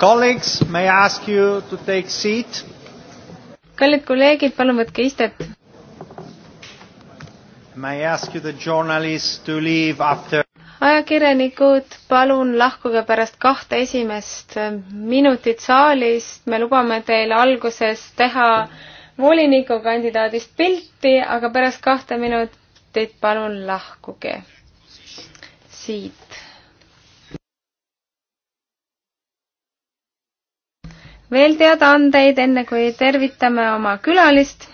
Colleagues, may I ask you to take seat? kallid kolleegid, palun võtke istet. May I ask you the journalists to leave after ajakirjanikud, palun lahkuge pärast kahte esimest minutit saalist, me lubame teil alguses teha volinikukandidaadist pilti, aga pärast kahte minutit palun lahkuge siit. veel teadaandeid, enne kui tervitame oma külalist.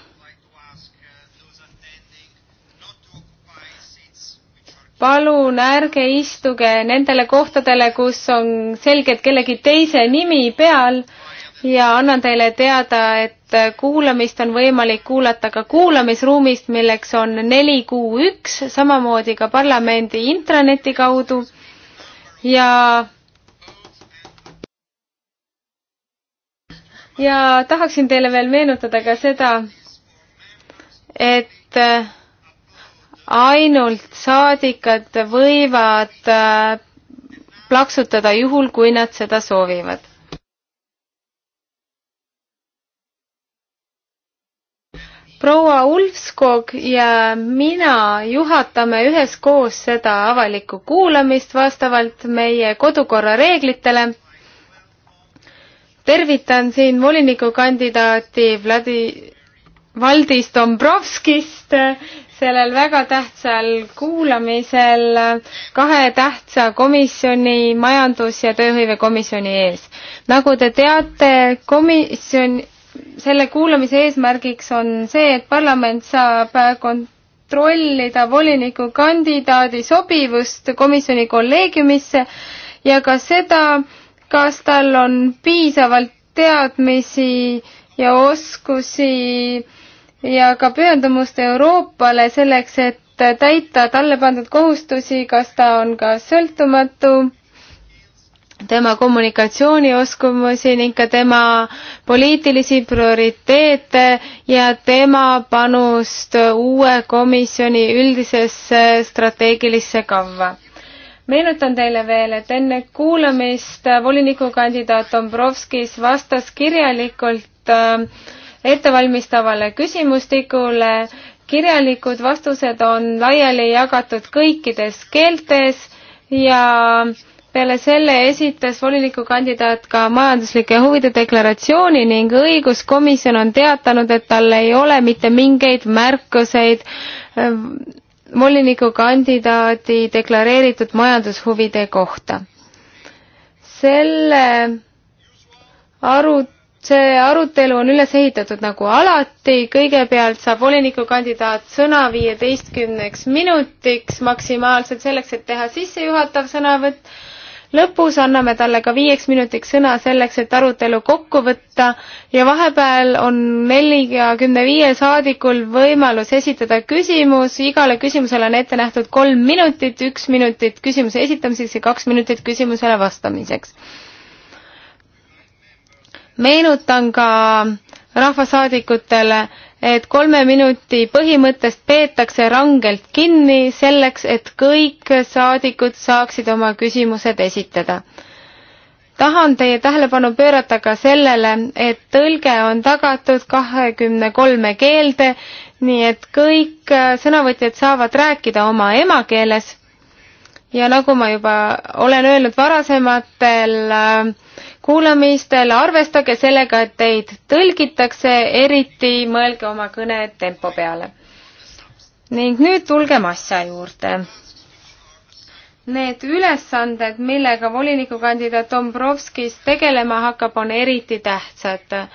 palun ärge istuge nendele kohtadele, kus on selgelt kellegi teise nimi peal ja annan teile teada, et kuulamist on võimalik kuulata ka kuulamisruumist, milleks on neli kuu üks, samamoodi ka parlamendi intraneti kaudu ja ja tahaksin teile veel meenutada ka seda, et äh, ainult saadikad võivad äh, plaksutada juhul, kui nad seda soovivad. proua Ulfskog ja mina juhatame üheskoos seda avalikku kuulamist vastavalt meie kodukorra reeglitele tervitan siin volinikukandidaati Vladi-, Valdis Dombrovskist sellel väga tähtsal kuulamisel kahe tähtsa komisjoni, majandus- ja tööhõivekomisjoni ees. nagu te teate, komisjon, selle kuulamise eesmärgiks on see, et parlament saab kontrollida volinikukandidaadi sobivust komisjoni kolleegiumisse ja ka seda, kas tal on piisavalt teadmisi ja oskusi ja ka pühendumust Euroopale selleks, et täita talle pandud kohustusi, kas ta on ka sõltumatu, tema kommunikatsioonioskusi ning ka tema poliitilisi prioriteete ja tema panust uue komisjoni üldisesse strateegilisse kavva meenutan teile veel, et enne kuulamist volinikukandidaat Dombrovskis vastas kirjalikult äh, ettevalmistavale küsimustikule. kirjalikud vastused on laiali jagatud kõikides keeltes ja peale selle esitas volinikukandidaat ka majanduslike huvide deklaratsiooni ning õiguskomisjon on teatanud, et tal ei ole mitte mingeid märkuseid äh, volinikukandidaadi deklareeritud majandushuvide kohta. selle arut-, see arutelu on üles ehitatud nagu alati, kõigepealt saab volinikukandidaat sõna viieteistkümneks minutiks maksimaalselt selleks, et teha sissejuhatav sõnavõtt lõpus anname talle ka viieks minutiks sõna selleks, et arutelu kokku võtta ja vahepeal on neljakümne viiel saadikul võimalus esitada küsimus, igale küsimusele on ette nähtud kolm minutit, üks minutit küsimuse esitamiseks ja kaks minutit küsimusele vastamiseks. meenutan ka rahvasaadikutele, et kolme minuti põhimõttest peetakse rangelt kinni selleks, et kõik saadikud saaksid oma küsimused esitada. tahan teie tähelepanu pöörata ka sellele, et tõlge on tagatud kahekümne kolme keelde, nii et kõik sõnavõtjad saavad rääkida oma emakeeles ja nagu ma juba olen öelnud varasematel äh, kuulamistel, arvestage sellega, et teid tõlgitakse, eriti mõelge oma kõne tempo peale. ning nüüd tulgem asja juurde. Need ülesanded, millega volinikukandidaat Dombrovskis tegelema hakkab, on eriti tähtsad.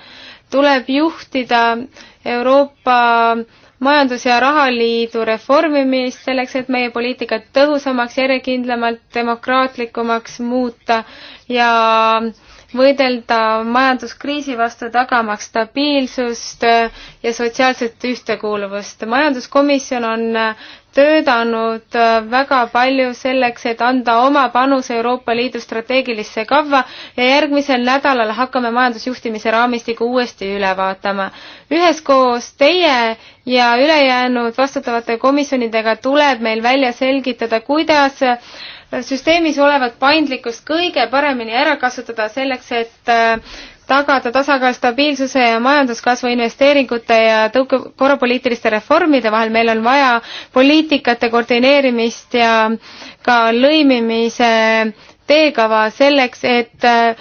tuleb juhtida Euroopa majandus- ja rahaliidu reformimist selleks, et meie poliitikat tõhusamaks, järjekindlamalt, demokraatlikumaks muuta ja äh, võidelda majanduskriisi vastu, tagamaks stabiilsust ja sotsiaalset ühtekuuluvust. majanduskomisjon on töötanud väga palju selleks, et anda oma panuse Euroopa Liidu strateegilisse kavva ja järgmisel nädalal hakkame majandusjuhtimise raamistiku uuesti üle vaatama. üheskoos teie ja ülejäänud vastutavate komisjonidega tuleb meil välja selgitada, kuidas süsteemis olevat paindlikkust kõige paremini ära kasutada selleks, et äh, tagada tasakaal stabiilsuse ja majanduskasvu investeeringute ja tõuke korrapoliitiliste reformide vahel. meil on vaja poliitikate koordineerimist ja ka lõimimise teekava selleks, et äh,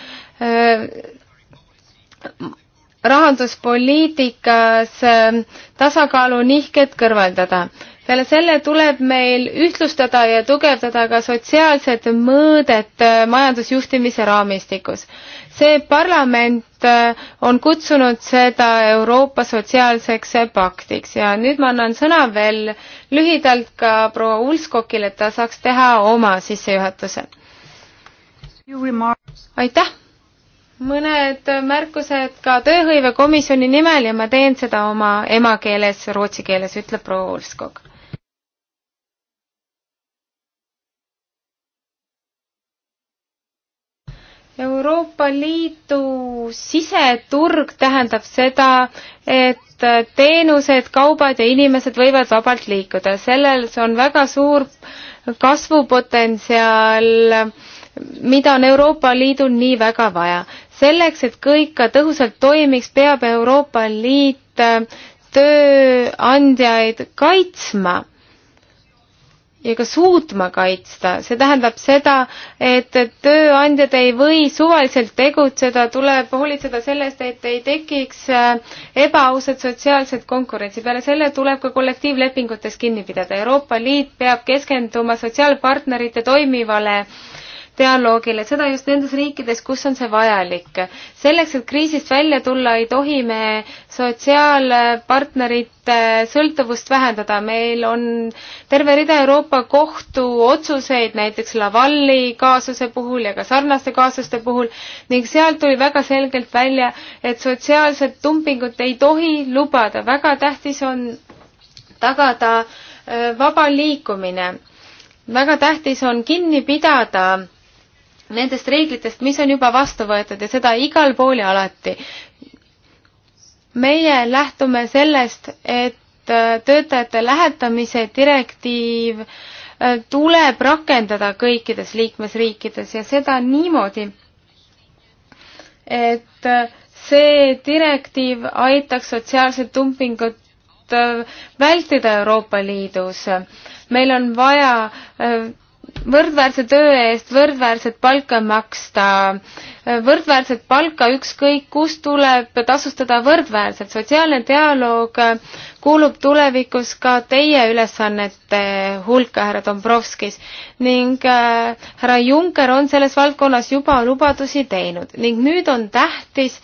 rahanduspoliitikas äh, tasakaalunihked kõrvaldada peale selle tuleb meil ühtlustada ja tugevdada ka sotsiaalset mõõdet äh, majandusjuhtimise raamistikus. see parlament äh, on kutsunud seda Euroopa sotsiaalseks paktiks ja nüüd ma annan sõna veel lühidalt ka proua Ulskokile, et ta saaks teha oma sissejuhatuse. aitäh! mõned märkused ka tööhõivekomisjoni nimel ja ma teen seda oma emakeeles, rootsi keeles, ütleb proua Ulskog. Euroopa Liidu siseturg tähendab seda, et teenused, kaubad ja inimesed võivad vabalt liikuda. selles on väga suur kasvupotentsiaal, mida on Euroopa Liidul nii väga vaja. selleks, et kõik ka tõhusalt toimiks, peab Euroopa Liit tööandjaid kaitsma ja ka suutma kaitsta. see tähendab seda, et tööandjad ei või suvaliselt tegutseda, tuleb hoolitseda sellest, et ei tekiks äh, ebaausat sotsiaalset konkurentsi. peale selle tuleb ka kollektiivlepingutes kinni pidada. Euroopa Liit peab keskenduma sotsiaalpartnerite toimivale äh, dialoogile, seda just nendes riikides, kus on see vajalik. selleks, et kriisist välja tulla, ei tohi me sotsiaalpartnerite sõltuvust vähendada, meil on terve rida Euroopa Kohtu otsuseid, näiteks Lavalli kaasuse puhul ja ka sarnaste kaasuste puhul, ning seal tuli väga selgelt välja, et sotsiaalset dumpingut ei tohi lubada, väga tähtis on tagada äh, vaba liikumine. väga tähtis on kinni pidada nendest reeglitest, mis on juba vastu võetud ja seda igal pool ja alati. meie lähtume sellest, et äh, töötajate lähetamise direktiiv äh, tuleb rakendada kõikides liikmesriikides ja seda niimoodi, et äh, see direktiiv aitaks sotsiaalset dumpingut vältida Euroopa Liidus. meil on vaja võrdväärse töö eest võrdväärset palka maksta, võrdväärset palka ükskõik kust tuleb tasustada võrdväärselt. sotsiaalne dialoog kuulub tulevikus ka teie ülesannete hulka, härra Dombrovskis, ning äh, härra Juncker on selles valdkonnas juba lubadusi teinud ning nüüd on tähtis,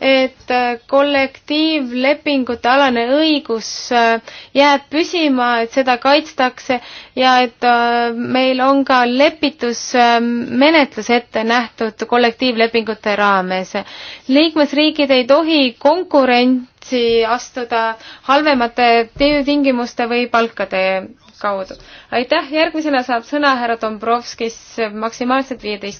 et äh, kollektiivlepingute alane õigus äh, jääb püsima, et seda kaitstakse ja et äh, meil on ka lepitusmenetlus ette nähtud kollektiivlepingute raames. liikmesriigid ei tohi konkurentsi astuda halvemate töötingimuste või palkade kaudu. aitäh, järgmisena saab sõna härra Dombrovskis maksimaalselt viieteist